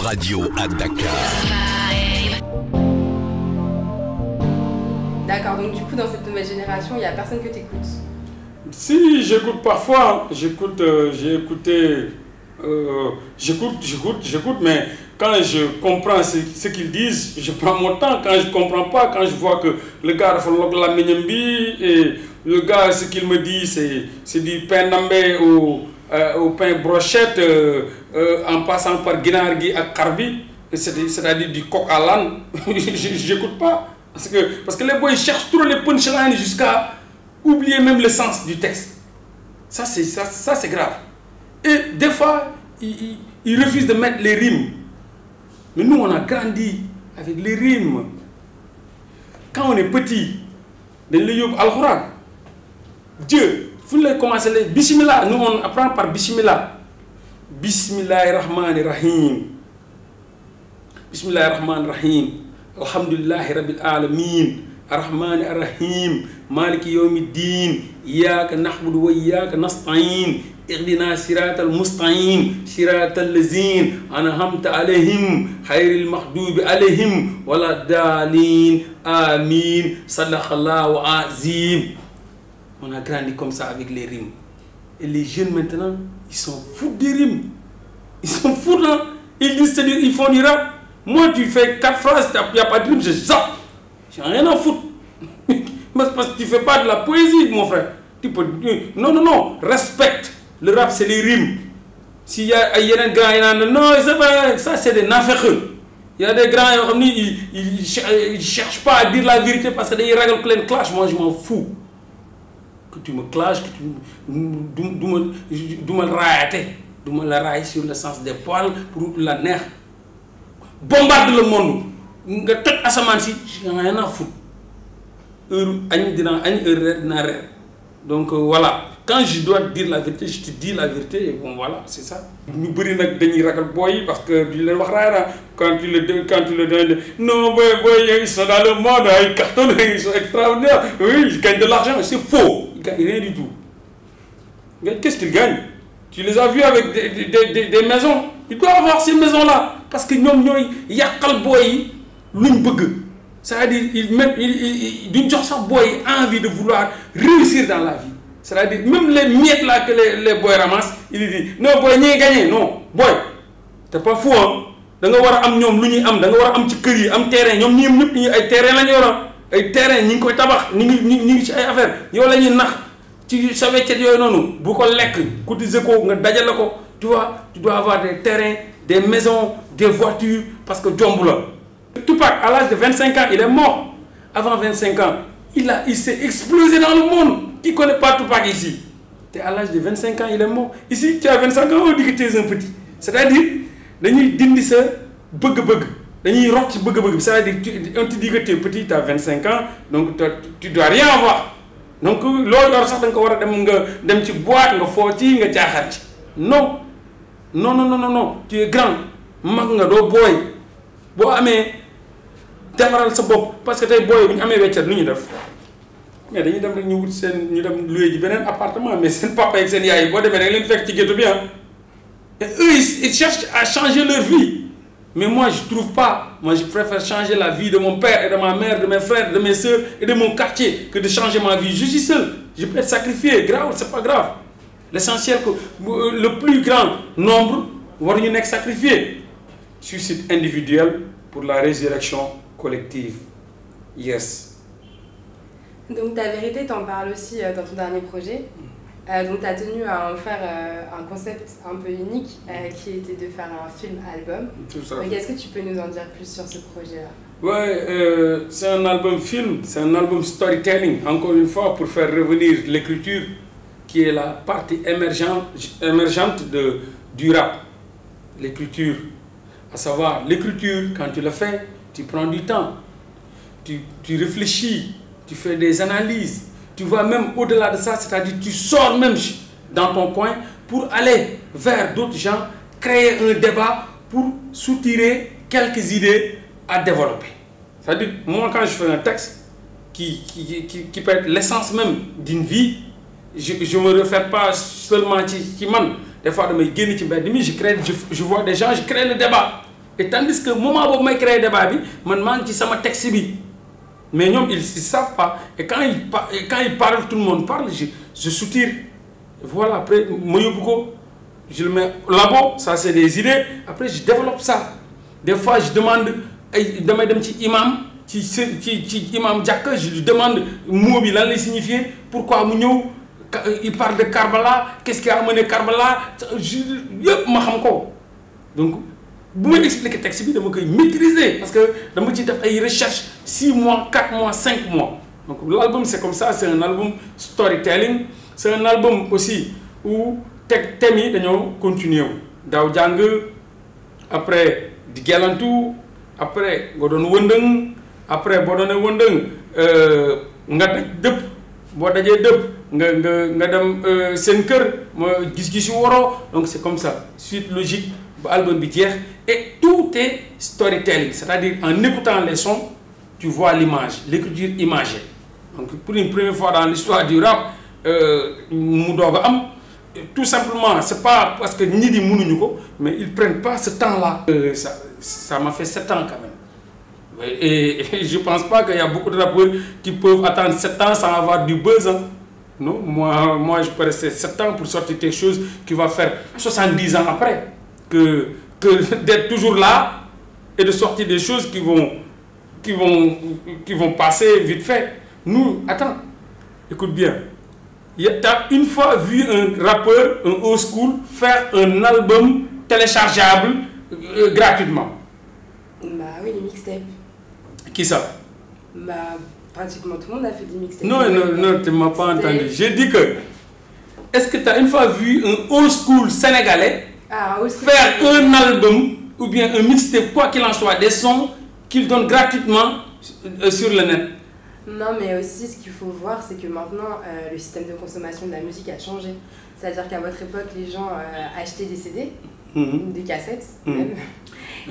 Radio à Dakar. D'accord, donc du coup, dans cette nouvelle génération, il n'y a personne que tu écoutes Si, j'écoute parfois. J'écoute, euh, j'ai écouté. Euh, j'écoute, j'écoute, j'écoute, mais quand je comprends ce, qu'ils disent, je prends mon temps. Quand je ne comprends pas, quand je vois que le gars la et le gars, ce qu'il me dit, c'est du pain ou euh, au pain brochette euh, euh, en passant par ginaar à ak c'est-à-dire du coq à l'âne j'écoute pas parce que parce que les boys cherchent trop les punchlines jusqu'à oublier même le sens du texte ça c'est ça, c'est grave et des fois ils, ils refusent de mettre les rimes mais nous on a grandi avec les rimes quand on est petit de Dieu fu ñu lay commencé lay bismillah nous on apprend par bismillah bismillahi rahmani rahim bismillahi rahmani rahim alhamdulillahi rabbil alamin arrahmani arrahim maliki yawmi ddin iyyaka na'budu wa iyyaka nasta'in اهدنا صراط المستقيم صراط الذين انعمت عليهم خير المغضوب عليهم ولا الضالين امين صدق الله العظيم On a grandi comme ça avec les rimes. Et les jeunes maintenant, ils sont fous des rimes. Ils sont fous là. Ils disent, ils font du rap. Moi, tu fais quatre phrases, il n'y a pas de rime, je zappe. J'ai rien à foutre. Parce que tu ne fais pas de la poésie, mon frère. Tu peux... Non, non, non. Respecte. Le rap, c'est les rimes. S'il y a un grand, il y a un... Non, ça, c'est des naféreux. Il y a des grands, ils ne cherchent pas à dire la vérité parce qu'ils règles plein de clash. Moi, je m'en fous que tu me clashes, que tu me railles, tu me la railles sur le sens des poils pour la nerf. Bombarde le monde. nga toj asamaan si rien à foutre heure añ dinaa donc euh, voilà quand je dois te dire la vérité je te dis la vérité et bon voilà c'est ça. Nous bëri nag dañuy parce que duñ wax raara quand tu le quand tu le donnes non mais boy, ils sont dans le monde ils cartonnent ils sont extraordinaires oui ils gagnent de l'argent c'est faux gagne rien du tout. Qu'est-ce qu'ils gagnent Tu les as vus avec des, des, des, des maisons. Ils doivent avoir ces maisons-là. Parce que nous, il y a boy, C'est-à-dire, ils même, ils, ils, boy a envie de vouloir réussir dans la vie. C'est-à-dire, même les miettes là que les, les boys ramassent, ils disent Non, boy, n'y gagné. Non, boy, t'es pas fou, hein. Tu dois avoir des terrain, des terrains, des terrains ay terrain ni ngi koy tabax ni ngi ñi ngi ci ay affaire yow la ñuy ci sa yooyu noonu bu ko lekk nga tu vois tu dois avoir des terrains des maisons des voitures parce que jomb la Tupac à l'âge de 25 ans il est mort avant 25 ans il s'est explosé dans le monde qui connaît pas Tupac ici es à l'âge de 25 ans il est mort ici tu as 25 ans on dit que tu es un petit c'est-à-dire dañuy dindi sa bëgg-bëgg dañuy roc ci bëgg-bëgg bi c'est-à-dire on te dit que tu petit tu as vingt cinq ans donc tu dois rien avoir donc loolu yor sax da nga war a dem nga dem ci boîte nga foo ci nga jaaxaar ci non non non non non tu es grand mag nga doo booy boo amee defaral sa bopp parce que tey booy bu ñu amee weccat lu ñu def mais dañuy dem rek ñu wut seen ñu dem loué ji beneen appartement mais seen papa ak seen yaay boo demee rek leen fekk ci ghetto bi ah et eux ils cherchent à changer leur vie mais moi, je ne trouve pas. Moi, je préfère changer la vie de mon père et de ma mère, de mes frères, de mes soeurs et de mon quartier que de changer ma vie. Je suis seul. Je peux être sacrifié. Grave, c'est pas grave. L'essentiel, euh, le plus grand nombre va être sacrifié. Suicide individuel pour la résurrection collective. Yes. Donc ta vérité, tu en parles aussi euh, dans ton dernier projet. Euh, donc tu as tenu à en faire un concept un peu unique euh, qui était de faire un film-album. Tout ce que tu peux nous en dire plus sur ce projet-là Ouais, euh, c'est un album film, c'est un album storytelling, encore une fois, pour faire revenir l'écriture qui est la partie émergente, émergente de, du rap. L'écriture, à savoir, l'écriture, quand tu la fais, tu prends du temps, tu, tu réfléchis, tu fais des analyses, tu vas même au-delà de ça, c'est-à-dire tu sors même dans ton coin pour aller vers d'autres gens, créer un débat pour soutirer quelques idées à développer. C'est-à-dire, moi quand je fais un texte qui, qui, qui, peut être l'essence même d'une vie, je ne me refais pas seulement qui Des fois, je, crée, je, je vois des gens, je crée le débat. Et tandis que le moment où je crée le débat, je me demande si ça m'a texte. Mais ils ne savent pas. Et quand ils, parlent, tout le monde parle. Je, je soutire. Voilà, après, Moyobuko, je le mets là-bas. ça c'est des idées. Après, je développe ça. Des fois, je demande, je demande un petit imam, qui, imam je lui demande, Moubi il signifier pourquoi Mounio, il parle de Karbala, qu'est-ce qui a amené Karbala, je, je, je, bu may expliquer texte bi dama le maîtriser parce que dama ci def ay recherche 6 mois 4 mois 5 mois donc l'album c'est comme ça c'est un album storytelling c'est un album aussi où les thèmes continuent. Dao continuer après di Galantou, après Gordon doon après Gordon doonee wëndëng euh, nga daj dëpp Ngadam dajee dëpp nga euh, donc c'est comme ça suite logique album bitière et tout est storytelling c'est-à-dire en écoutant les sons tu vois l'image l'écriture imagée donc pour une première fois dans l'histoire du rap euh, tout simplement c'est pas parce que ni les mënuñu mais ils prennent pas ce temps-là euh, ça m'a fait sept ans quand même et, je pense pas qu'il y a beaucoup de rappeurs qui peuvent attendre sept ans sans avoir du besoin. non moi moi je peux rester sept ans pour sortir quelque chose qui va faire 70 ans après que, que d'être toujours là et de sortir des choses qui vont, qui vont, qui vont passer vite fait. Nous, attends, écoute bien. Tu as une fois vu un rappeur, un old school, faire un album téléchargeable euh, gratuitement Bah oui, les mixtapes. Qui ça Bah pratiquement tout le monde a fait des mixtapes. Non, non, non, tu ne m'as pas entendu. J'ai dit que, est-ce que tu as une fois vu un old school sénégalais ah, faire un album ou bien un mixtape, quoi qu'il en soit, des sons qu'ils donnent gratuitement euh, sur le net. Non, mais aussi ce qu'il faut voir, c'est que maintenant, euh, le système de consommation de la musique a changé. C'est-à-dire qu'à votre époque, les gens euh, achetaient des CD, mhm. des cassettes mhm.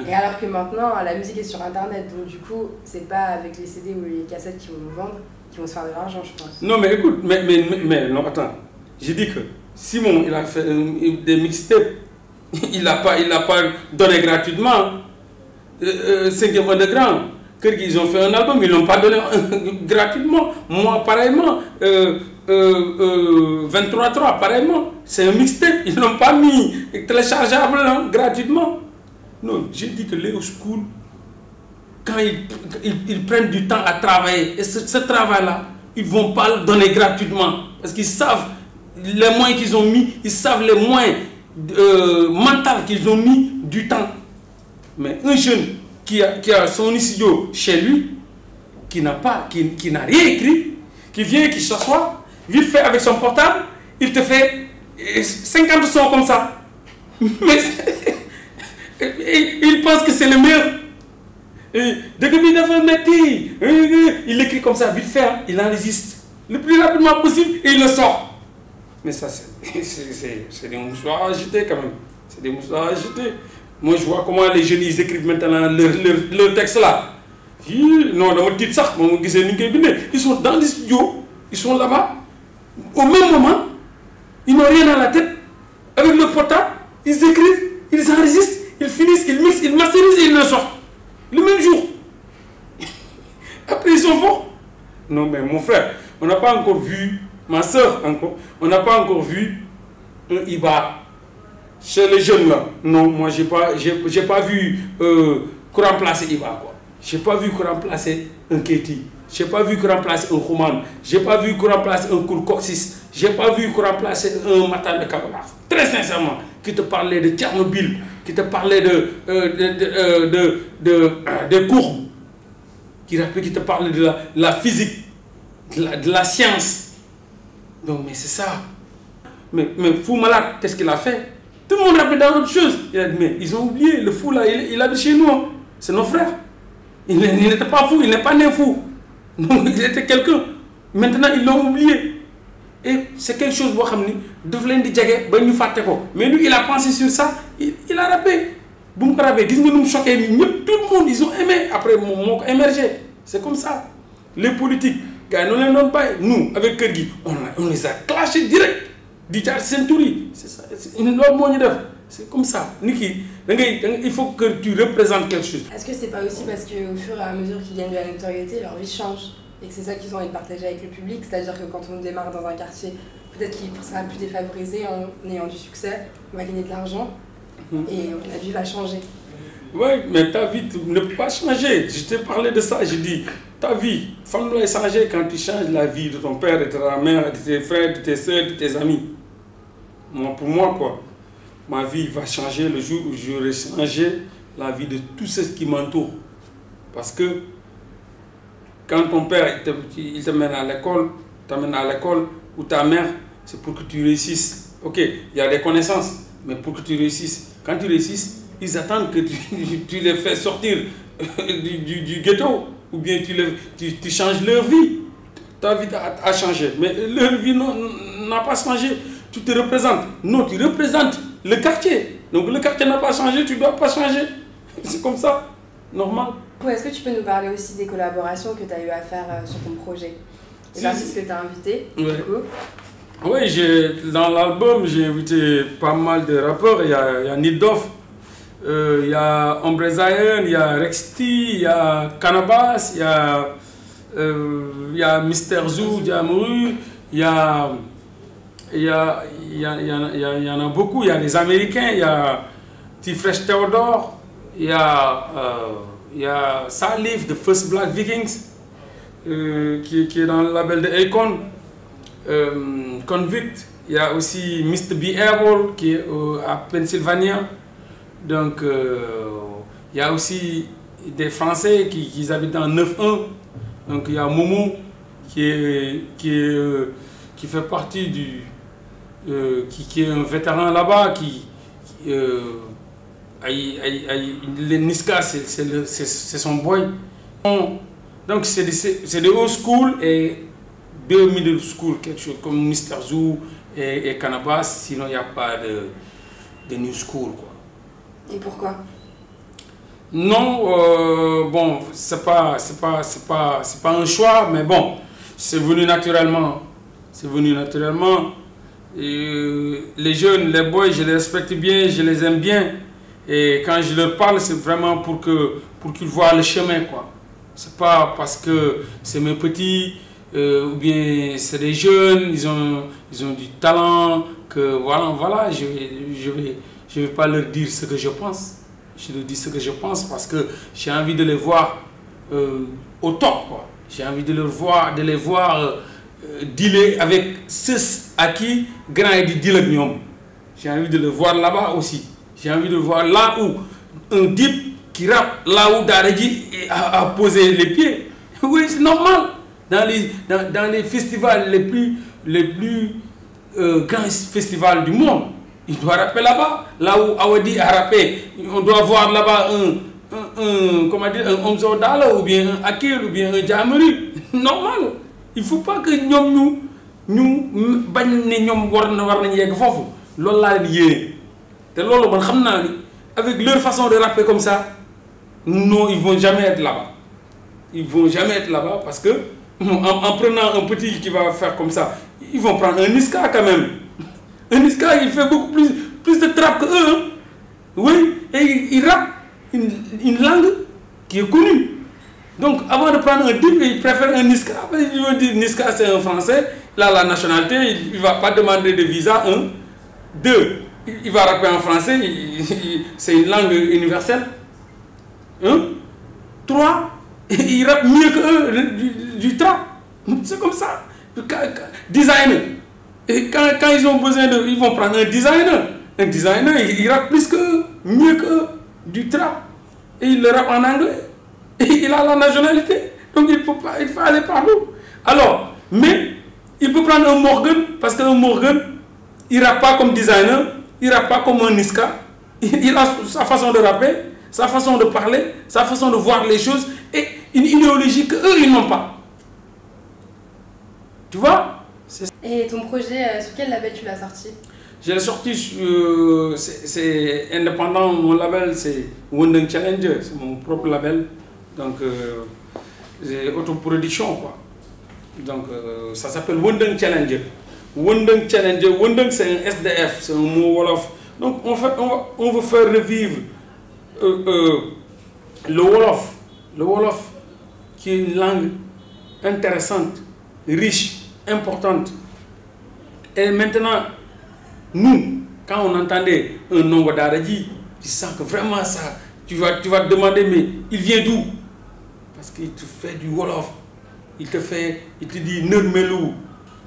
Et alors que maintenant, la musique est sur Internet. Donc du coup, c'est pas avec les CD ou les cassettes qu'ils vont nous vendre, qui vont se faire de l'argent, je pense. Non, mais écoute, mais, mais, non, attends. J'ai dit que Simon, il a fait des mixtapes il n'a pas, il l'a pas donné gratuitement. Euh, euh Cinquième de grand, ils ont fait un album, ils l'ont pas donné euh, gratuitement. Moi, pareillement. Euh, 23-3, euh, pareillement. C'est un mixtape, ils l'ont pas mis téléchargeable hein, gratuitement. Non, j'ai dit que les school, quand ils, prennent du temps à travailler, et ce, travail-là, ils vont pas le donner gratuitement. Parce qu'ils savent les moins qu'ils ont mis, ils savent les moyens euh, mental qu'ils ont mis du temps. Mais un jeune qui a, son studio chez lui, qui n'a pas, qui, n'a rien écrit, qui vient, qui s'assoit, il fait avec son portable, il te fait 50 euh, sons comme ça. Mais il pense que c'est le meilleur. Euh, il écrit comme ça, vite fait, hein. il enregistre le plus rapidement possible et il le sort. Mais ça, c'est des mouchoirs agités quand même. C'est des mouchoirs agités. Moi, je vois comment les jeunes, ils écrivent maintenant leur, leur, texte là. Non, dans titre, ça, ils sont dans les studios, ils sont là-bas. Au même moment, ils n'ont rien à la tête. Avec le portable, ils écrivent, ils enregistrent, ils finissent, ils mixent, ils masterisent et ils le sortent. Le même jour. Après, ils sont forts. Non, mais mon frère, on n'a pas encore vu ma soeur on n'a pas encore vu un Iba chez les jeunes là. Non, moi j'ai pas, pas vu euh, remplacer Iba quoi. J'ai pas vu qu'on remplacer un Keti. J'ai pas vu qu'on remplacer un Roman. J'ai pas vu qu'on remplacer un Je J'ai pas vu qu'on remplacer un Matan de Très sincèrement, qui te parlait de Tchernobyl, qui te parlait de, euh, de, de, euh, de, euh, courbes, qui, qui te parlait de la, physique, de la science donc, mais c'est ça. Mais, mais fou malade, qu'est-ce qu'il a fait Tout le monde a fait dans autre chose. Il a dit, mais ils ont oublié, le fou là, il, il habite chez nous. Hein. C'est nos frères. Il n'était pas fou, il n'est pas né fou. Non, il était quelqu'un. Maintenant, ils l'ont oublié. Et c'est quelque chose, de mais lui, il a pensé sur ça, il, a rappelé. Boum il dis-moi, nous nga choqué tout le monde ils ont aimé après mon émerger. émergé C'est comme ça les politiques gars nous avec Kergi on les a clashés direct di Senturi. c'est ça une énorme monnaie c'est comme ça niki il faut que tu représentes quelque chose. est-ce que c'est pas aussi parce que au fur et à mesure qu'ils gagnent de la notoriété leur vie change et que c'est ça qu'ils ont envie de partager avec le public c'est-à-dire que quand on démarre dans un quartier peut-être qu'il sera plus défavorisé en ayant du succès on va gagner de l'argent hum. et la vie va changer. Oui, mais ta vie ne peut pas changer. Je t'ai parlé de ça, je dis, ta vie, femme doit changer quand tu changes la vie de ton père, de ta mère, de tes frères, de tes soeurs, de tes amis. Moi, pour moi, quoi, ma vie va changer le jour où je vais changer la vie de tous ceux qui m'entourent. Parce que quand ton père, il te mène à l'école, t'amène à l'école, ou ta mère, c'est pour que tu réussisses. Ok, il y a des connaissances, mais pour que tu réussisses. Quand tu réussisses, ils attendent que tu, les fais sortir euh, du, ghetto ou bien tu, changes leur vie. Ta vie a, changé, mais leur vie n'a pas changé. Tu te représentes. Non, tu représentes le quartier. Donc le quartier n'a pas changé, tu ne dois pas changer. C'est comme ça, normal. Est-ce que tu peux nous parler aussi des collaborations que tu as eu à faire euh, sur ton projet Et aussi ce que tu as invité. oui, dans l'album, j'ai invité pas mal de rappeurs. Il y a, il a Nidoff, il y a Ombre il y a Rexti, il y a Cannabas, il y a, euh, y a Mister Zoo, il y a. Il y, a, il, y, a, il, y a, il y en a beaucoup, il y a les Américains, il y a Tifresh Theodore, il y a, il y a Salif, The First Black Vikings, qui, qui, est dans le label de Akon, Convict, il y a aussi Mr. B. Airball qui est à Pennsylvania, donc, euh, il y a aussi des Français qui, habitent en 9-1. Donc, il y a Momo qui, est, euh, fait partie du. Euh, qui, est un vétéran là-bas, qui. les Niska, c'est son boy. Donc, c'est des, old school et de middle school, quelque chose comme Mister Zoo et, et Canabas, sinon il n'y a pas de, new school. Et pourquoi Non, euh, bon, c'est pas, c'est pas, c'est pas, c'est pas un choix, mais bon, c'est venu naturellement. C'est venu naturellement. Euh, les jeunes, les boys, je les respecte bien, je les aime bien. Et quand je leur parle, c'est vraiment pour que pour qu'ils voient le chemin, quoi. C'est pas parce que c'est mes petits euh, ou bien c'est des jeunes, ils ont ils ont du talent que voilà voilà je je vais je ne vais pas leur dire ce que je pense. Je leur dis ce que je pense parce que j'ai envie de les voir euh, au top. J'ai envie de, leur voir, de les voir euh, euh, dealer avec ceux à qui Grand dit le avec J'ai envie de les voir là-bas aussi. J'ai envie de voir là où un deep qui rappe là où Daredi a, posé les pieds. Oui, c'est normal. Dans les, dans, les festivals les plus, les plus grands festivals du monde. Il doit rapper là-bas. Là où Awadi a rappé, on doit voir là-bas un, un, un, comment dire, un Omzodala ou bien un Akir ou bien un Jamri. Normal. Il ne faut pas que nous, nous, nous, nous, nous, loolu laa leen yéene te loolu man xam ni avec leur façon de rapper comme ça non ils vont jamais être là-bas ils vont jamais être là-bas parce que en, en prenant un petit qui va faire comme ça ils vont prendre un Niska quand même un esclave, il fait beaucoup plus, plus de trap que eux. Hein. Oui, et il, rappe une, langue qui est connue. Donc, avant de prendre un type, il préfère un Niska. Il veut dire, Niska, c'est un Français. Là, la nationalité, il ne va pas demander de visa. Un. Deux, il va rappeler en français. C'est une langue universelle. Un. Trois, il rappe mieux que eux du, du trap. C'est comme ça. Designer. Et quand, ils ont besoin de. Ils vont prendre un designer. Un designer, il, il plus que mieux que du trap. Et il le rappe en anglais. Et il a la nationalité. Donc il peut pas, il faut aller partout. Alors, mais il peut prendre un Morgan, parce qu'un Morgan, il rappe pas comme designer, il rappe pas comme un Niska. Il, a sa façon de rapper, sa façon de parler, sa façon de voir les choses et une idéologie qu'eux, ils n'ont pas. Tu vois et ton projet, euh, sur quel label tu l'as sorti J'ai sorti, euh, c'est indépendant, mon label c'est Wondeng Challenger, c'est mon propre label. Donc euh, j'ai autoproduction quoi. Donc euh, ça s'appelle Wondeng Challenger. Wundung Challenger, Wondeng c'est un SDF, c'est un mot Wolof. Donc en fait, on, on veut faire revivre euh, le Wolof. Le Wolof qui est une langue intéressante, riche, importante et maintenant, nous, quand on entendait un nombre d'Aradji, tu sens que vraiment ça, tu vas, tu vas te demander, mais il vient d'où Parce qu'il te fait du Wolof, il te fait, il te dit petit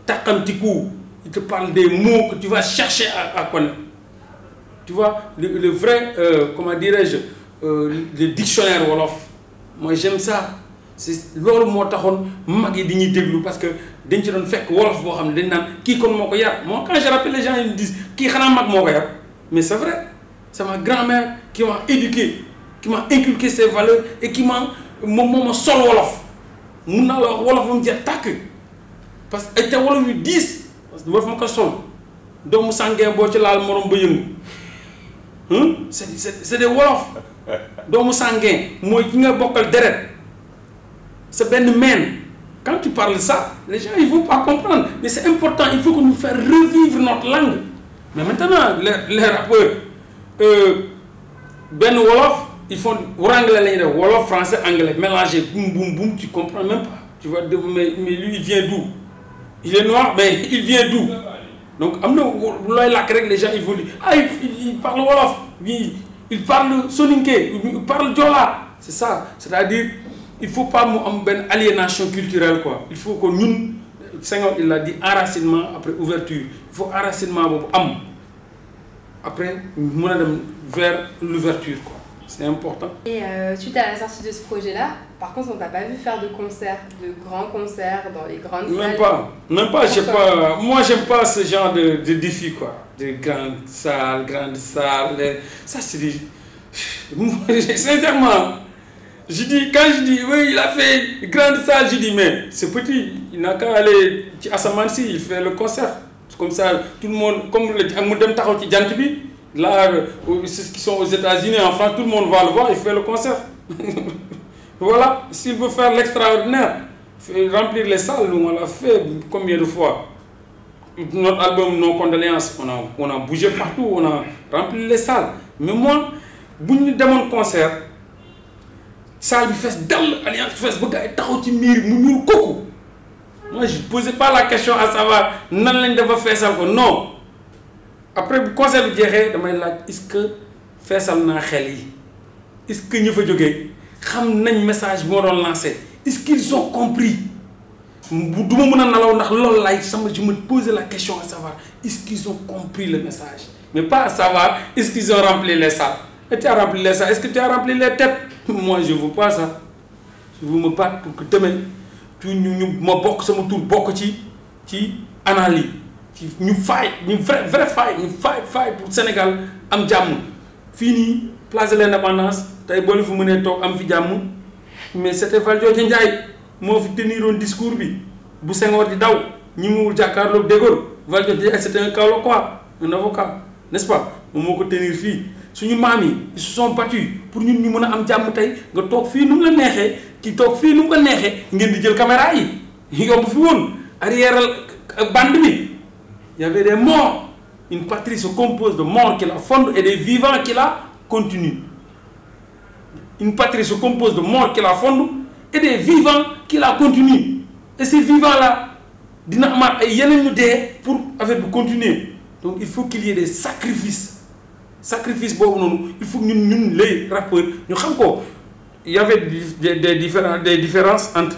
Takantikou, il te parle des mots que tu vas chercher à, à connaître. Tu vois, le, vrai, euh, comment dirais-je, euh, le dictionnaire Wolof, moi j'aime ça. C'est l'or motaron, magi déglu parce que dañ ci doon fekk wolof boo xam ne dañ naan kii kon moo ko yar moo quand je rappelle les gens ils me disent kii xanaa mag moo ko yar mais c'est vrai c'est ma grand-mère qui m'a éduqué qui m'a inculqué ses valeurs et qui m'a moom moo ma sol wolof mun naa la wax wolof ba mu jeex tàkk parce que ay te wolof yu diis parce que wolof ma ko sol doomu sàngee boo ci laal morom ba yëngu hum? c'est c'est c'est des wolof doomu sàngee mooy ki nga bokkal deret sa benn meen quand tu parles ça, les gens ils vont pas comprendre. Mais c'est important, il faut que nous fassions revivre notre langue. Mais maintenant, les, rappeurs, Ben Wolof, ils font Wolof, français, anglais, mélangé, boum, boum, boum, tu comprends même pas. Tu vois, mais, lui, il vient d'où Il est noir, mais il vient d'où Donc, les gens, ils vont dire, ah, il, parle Wolof, il, il parle Soninke, il parle Djola. C'est ça, c'est-à-dire il faut pas nous une aliénation culturelle quoi il faut que nous Senghor il a dit enracinement après ouverture il faut enracinement après vers l'ouverture quoi c'est important. Et tu euh, suite à la sortie de ce projet-là, par contre, on t'a pas vu faire de concerts, de grands concerts dans les grandes même Pas, même pas, j'ai pas. Moi, j'aime pas ce genre de, de défi, quoi. De grandes salles, grandes salles. Ça, c'est des. Sincèrement, quand je dis, oui, il a fait grande salle, je dis, mais c'est petit, il n'a qu'à aller à Samansi, il fait le concert. Comme ça, tout le monde, comme le Moudem Taroti Djantibi, là, euh, ceux qui sont aux États-Unis, en France, tout le monde va le voir, il fait le concert. voilà, s'il veut faire l'extraordinaire, euh, remplir les salles, nous, on l'a fait combien de fois Notre album Non Condoléances, on a, on a bougé partout, on a rempli les salles. Mais moi, si nous mon concert, ça lui fait dal alliance facebook ba gars yi taxaw ci miir mu moi je posais pas la question à savoir nan lañ dafa ça ko non après bu conseil bi jexé damay laaj est-ce que fessal na xel yi est-ce que ñu fa joggé xam nañ message mo doon lancé est-ce qu'ils ont compris du ma a nalaw ndax loolu sama je me posais la question à savoir est-ce qu'ils ont compris le message mais pas à savoir est-ce qu'ils ont rempli les salles et tu as rempli les salles est-ce que tu as rempli les têtes moi je veux pas ça je veux me pour que demain tu nous ñu ma bokk sama Nous nous analyse ci nous fight nous vrai vrai nous pour Sénégal am place de l'indépendance fi am mais c'était Ndiaye tenir un discours bi c'était un un avocat n'est-ce pas on moo tenir ils se sont battus pour ñun ñu mëna am jamm tay nga tok fi nu la nexé ki arrière y avait des morts une patrie se compose de morts qui la fondent et des vivants qui la continuent une patrie se compose de morts qui la fondent et des vivants qui la continuent et ces vivants là dina pour continuer donc il faut qu'il y ait des sacrifices sacrifice pour nous, il faut que nous, les rappeurs ñu xam y avait des des différences entre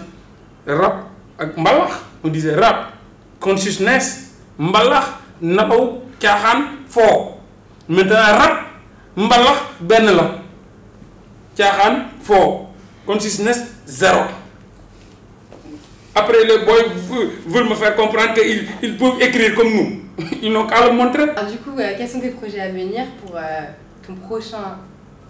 rap ak mbalax on disait rap consciousness mbalax nabaw caaxaan faux. maintenant rap mbalax ben, la tiaxan consciousness zéro après les boys veulent me faire comprendre qu'ils ils peuvent écrire comme nous Ils n'ont qu'à le montrer. Alors, du coup, euh, quels sont tes projets à venir pour euh, ton prochain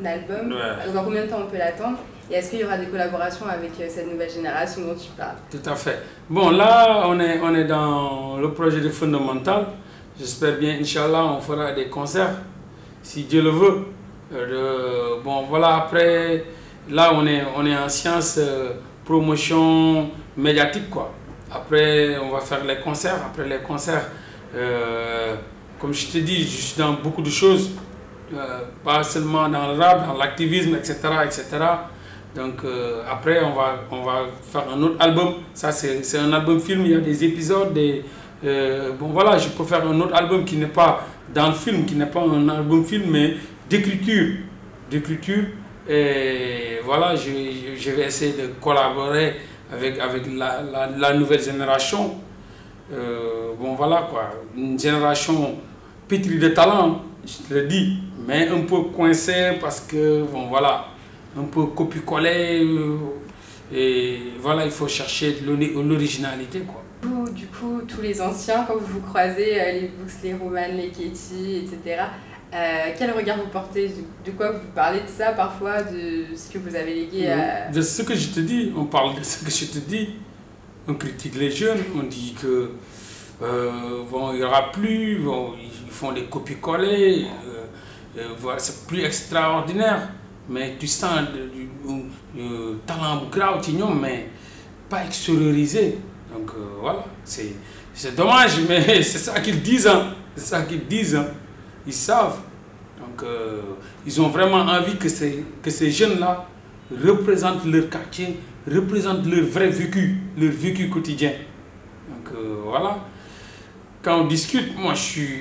album Dans combien de temps on peut l'attendre Et est-ce qu'il y aura des collaborations avec euh, cette nouvelle génération dont tu parles Tout à fait. Bon, là, on est, on est dans le projet de Fondamental. J'espère bien, Inch'Allah, on fera des concerts, si Dieu le veut. bon, voilà, après, là, on est, on est en science promotion médiatique, quoi. Après, on va faire les concerts. Après les concerts, euh, comme je te dis, je suis dans beaucoup de choses, euh, pas seulement dans le rap, dans l'activisme, etc., etc. Donc euh, après, on va, on va faire un autre album. Ça, c'est un album film, il y a des épisodes. Des, bon, voilà, je peux faire un autre album qui n'est pas dans le film, qui n'est pas un album film, mais d'écriture. D'écriture. Et voilà, je, je, vais essayer de collaborer avec, avec la, la nouvelle génération euh, bon voilà quoi, une génération pétrie de talent, je te le dis, mais un peu coincée parce que bon voilà, un peu copie-coller euh, et voilà, il faut chercher l'originalité quoi. Vous, du coup, tous les anciens, quand vous vous croisez, euh, les Books, les romanes les Ketty, etc., quel regard vous portez de, quoi vous parlez de ça parfois, de ce que vous avez légué à... De ce que je te dis, on parle de ce que je te dis on critique les jeunes, on dit que euh, il n'y aura plus, ils font des copies-coller, euh, euh, voilà, c'est plus extraordinaire. Mais tu sens du, talent grave, mais pas extériorisé. Donc voilà, c'est dommage, mais c'est ça qu'ils disent. Hein. C'est ça qu'ils disent. Hein. Ils savent. Donc ils ont vraiment envie que ces, que ces jeunes-là représentent leur quartier, représentent leur vrai vécu le vécu quotidien. Donc euh, voilà. Quand on discute, moi je suis.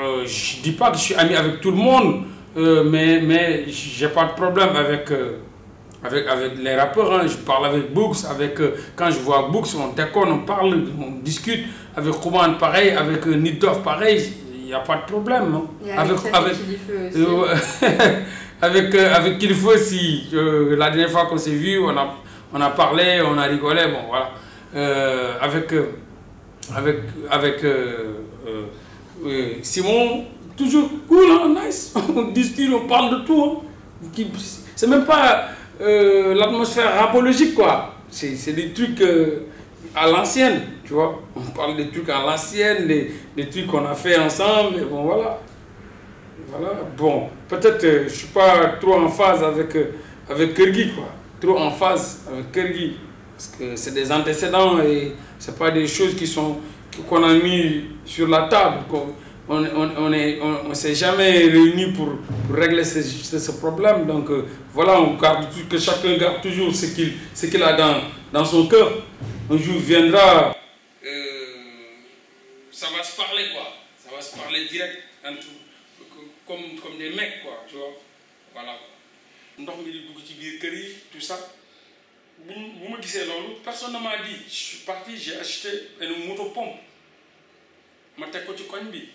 Euh, je dis pas que je suis ami avec tout le monde, euh, mais, mais j'ai pas de problème avec, avec, avec les rappeurs. Hein. Je parle avec Books, avec, quand je vois Books, on déconne, on parle, on discute. Avec Kouman, pareil, avec Nidov, pareil, il n'y a pas de problème. Hein. avec avec, avec, avec, aussi. la dernière fois qu'on s'est vu, on a on a parlé, on a rigolé, bon voilà. Euh, euh, avec avec, avec euh, Simon, toujours cool, hein, nice, on discute, on parle de tout. Hein. C'est même pas l'atmosphère rapologique, quoi. C'est des trucs à l'ancienne, tu vois. On parle des trucs à l'ancienne, des, trucs qu'on a fait ensemble, et bon voilà. Voilà, bon, peut-être je suis pas trop en phase avec, avec quoi trop en phase avec Kergui. Parce que c'est des antécédents et ce pas des choses qui sont qu'on a mis sur la table. On ne on, on, on, s'est jamais réunis pour, régler ce, problème. Donc euh, voilà, on garde, que chacun garde toujours ce qu'il qu'il a dans, dans son cœur. Un jour viendra, euh, ça va se parler quoi. Ça va se parler direct, entre, comme, comme des mecs quoi, tu vois. Voilà ndox mi di dugg ci tout ça bu ma personne ne m'a dit je suis parti j'ai acheté une moto pompe ma ko ci bi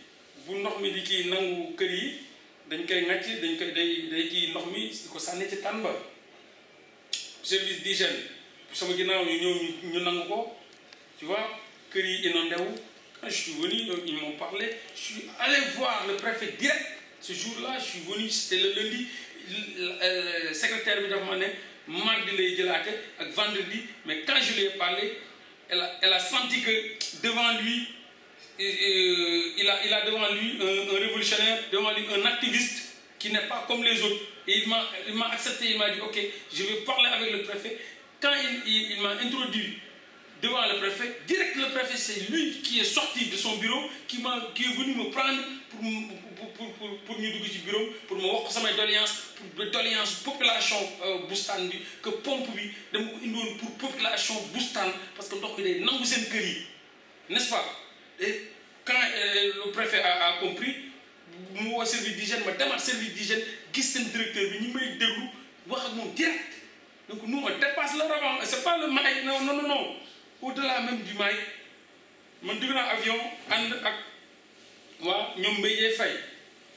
bu mi di dañ koy dañ koy Je mi ko ci Je service je sama ñu ñu tu vois quand je suis venu ils m'ont parlé je suis allé voir le préfet direct ce jour-là je suis venu c'était le lundi secrétaire bi la mardi vendredi mais quand je lui ai parlé elle a senti que devant lui euh, il a il a devant lui un révolutionnaire devant lui un activiste qui n'est pas comme les autres et il m'a accepté il m'a dit ok je vais parler avec le préfet quand il m'a introduit devant le préfet direct le préfet c'est lui qui est sorti de son bureau qui m'a qui est venu me prendre pour pour pour ñu dugg ci bureau pour ma wax de samay doléance pour doléance population euh, bustaan bi que pompe bi dama ko indiwoon pour population Bustan parce que ndox que day nangu seen yi n'est-ce pas et quand euh, le préfet a compris moi au service d'hygiène ma au service d'hygiène gis le directeur bi ñu may déglu wax ak direct donc nous on dépasse le raban c'est pas le maï non non non au-delà même du maï man dugg l'avion, avion ànd ak waa ñoom fay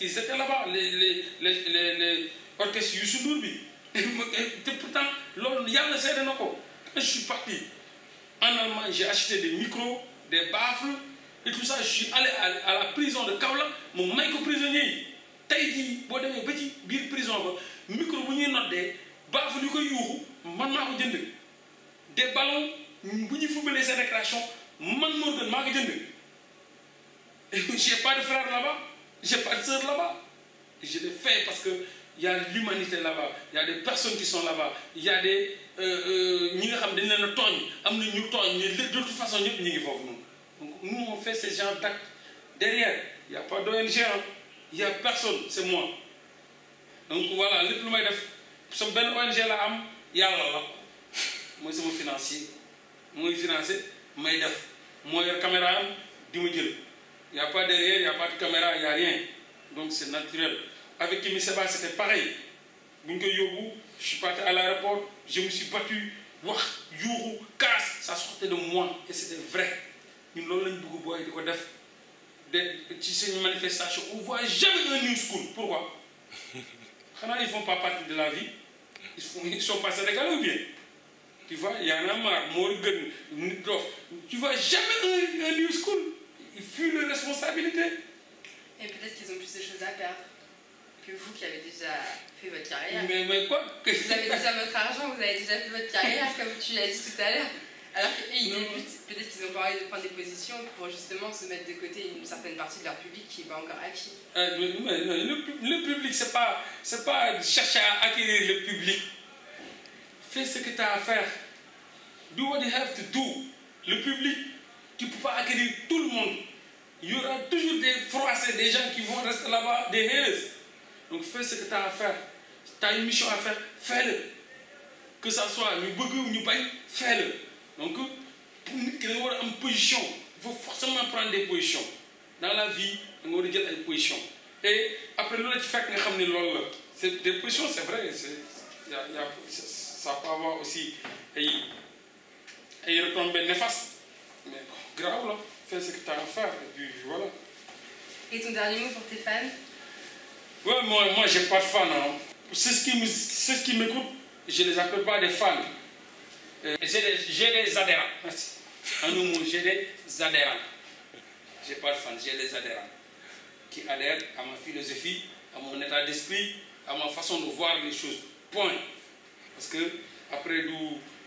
Ils étaient là-bas, les, les, les, les, les orchestres Et pourtant, il y a le Quand je suis parti en Allemagne, j'ai acheté des micros, des baffles, et tout ça. Je suis allé à, la prison de Kaola, mon micro-prisonnier. Taïdi, bon, petit, bir prison, micro, vous noté, baffle, vous avez eu, des ballons, vous avez fait des récréations, man, man, man, man, man, Je pas pas frère là là j'ai pas de là-bas. Je l'ai fait parce qu'il y a l'humanité là-bas, il y a des personnes qui sont là-bas, il y a des. Nous avons des de toute façon, nous Donc nous, on fait ces gens d'actes. Derrière, il n'y a pas d'ONG, il hein. n'y a personne, c'est moi. Donc voilà, le plus c'est ONG là, il y a là. Moi, c'est mon financier. Moi, je suis moi, la caméra, je suis il n'y a pas derrière, il n'y a pas de caméra, il n'y a rien. Donc c'est naturel. Avec Kimi Seba, c'était pareil. Yobu, je suis parti à l'aéroport, je me suis battu. Wah, Yourou, casse, ça sortait de moi. Et c'était vrai. Nous l'avons dit, nous avons dit, une manifestation. On ne voit jamais un new school. Pourquoi Ils ne font pas partie de la vie. Ils ne sont pas sénégalais ou bien Tu vois, il y en a marre. Tu vois jamais un, new school. Ils fuient leur responsabilité. Et peut-être qu'ils ont plus de choses à perdre que vous qui avez déjà fait votre carrière. Mais, mais quoi Vous avez déjà votre argent, vous avez déjà fait votre carrière, comme tu l'as dit tout à l'heure. Alors qu'ils peut-être qu'ils ont pas envie de prendre des positions pour justement se mettre de côté une certaine partie de leur public qui n'est pas encore acquis. Euh, le, public, c'est pas, c'est pas chercher à acquérir le public. Fais ce que tu as à faire. Do what you have to do. Le public, tu ne peux pas accueillir tout le monde. Il y aura toujours des froissés, des gens qui vont rester là-bas, des haineux. Donc fais ce que tu as à faire. Tu as une mission à faire, fais-le. Que ce soit nous bougons ou nous fais-le. Donc, pour nous créer une position, il faut forcément prendre des positions. Dans la vie, on doit dire des positions. Et après, là, tu fais que nous C'est des positions, c'est vrai. ça peut avoir aussi des retombées néfastes. Mais Grave là, fais ce que tu as à faire et puis voilà. Et ton dernier mot pour tes fans Ouais, moi, moi j'ai pas de fans. Hein. Ceux C'est ce qui m'écoute, je ne les appelle pas des fans. Euh, j'ai des, des, adhérents. Merci. En nous, j'ai des adhérents. J'ai pas de fans, j'ai des adhérents qui adhèrent à ma philosophie, à mon état d'esprit, à ma façon de voir les choses. Point. Parce que après, nous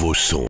Vos sons.